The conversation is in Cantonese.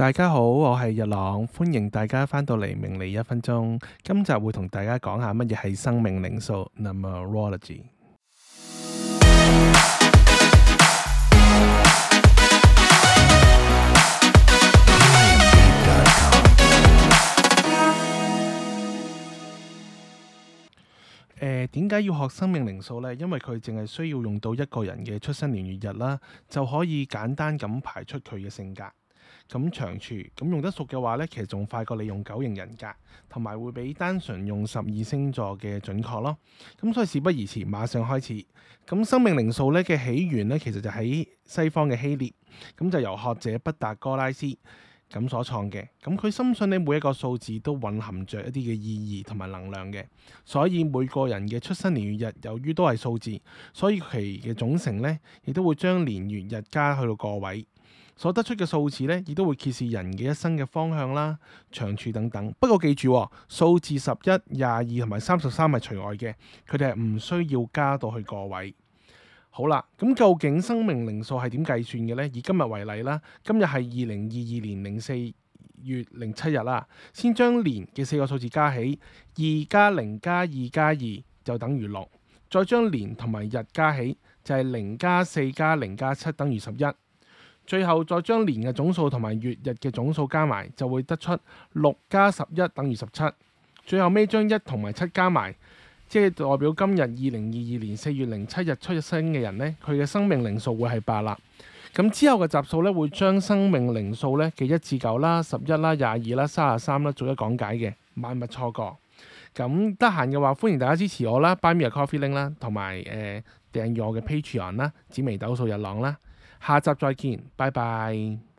大家好，我係日朗，歡迎大家返到嚟，命理一分鐘。今集會同大家講下乜嘢係生命靈數 （numerology）。誒，點解要學生命靈數呢？因為佢淨係需要用到一個人嘅出生年月日啦，就可以簡單咁排出佢嘅性格。咁長處，咁用得熟嘅話咧，其實仲快過利用九型人格，同埋會比單純用十二星座嘅準確咯。咁所以事不宜遲，馬上開始。咁生命靈數咧嘅起源咧，其實就喺西方嘅希臘，咁就由學者畢達哥拉斯咁所創嘅。咁佢深信咧每一個數字都蘊含着一啲嘅意義同埋能量嘅，所以每個人嘅出生年月日由於都係數字，所以其嘅總成咧亦都會將年月日加去到個位。所得出嘅數字呢，亦都會揭示人嘅一生嘅方向啦、長處等等。不過記住喎，數字十一、廿二同埋三十三係除外嘅，佢哋係唔需要加到去個位。好啦，咁究竟生命靈數係點計算嘅呢？以今日為例啦，今日係二零二二年零四月零七日啦。先將年嘅四個數字加起，二加零加二加二就等於六。再將年同埋日加起，就係零加四加零加七等於十一。最後再將年嘅總數同埋月日嘅總數加埋，就會得出六加十一等於十七。最後尾將一同埋七加埋，即係代表今日二零二二年四月零七日出生嘅人呢，佢嘅生命靈數會係八啦。咁之後嘅集數呢，會將生命靈數呢，嘅一至九啦、十一啦、廿二啦、三十三啦逐一講解嘅，萬勿錯過。咁得閒嘅話，歡迎大家支持我啦 ，Buy me a coffee link 啦，同埋誒訂閱我嘅 Patreon 啦，紫微斗數日朗啦。下集再見，拜拜。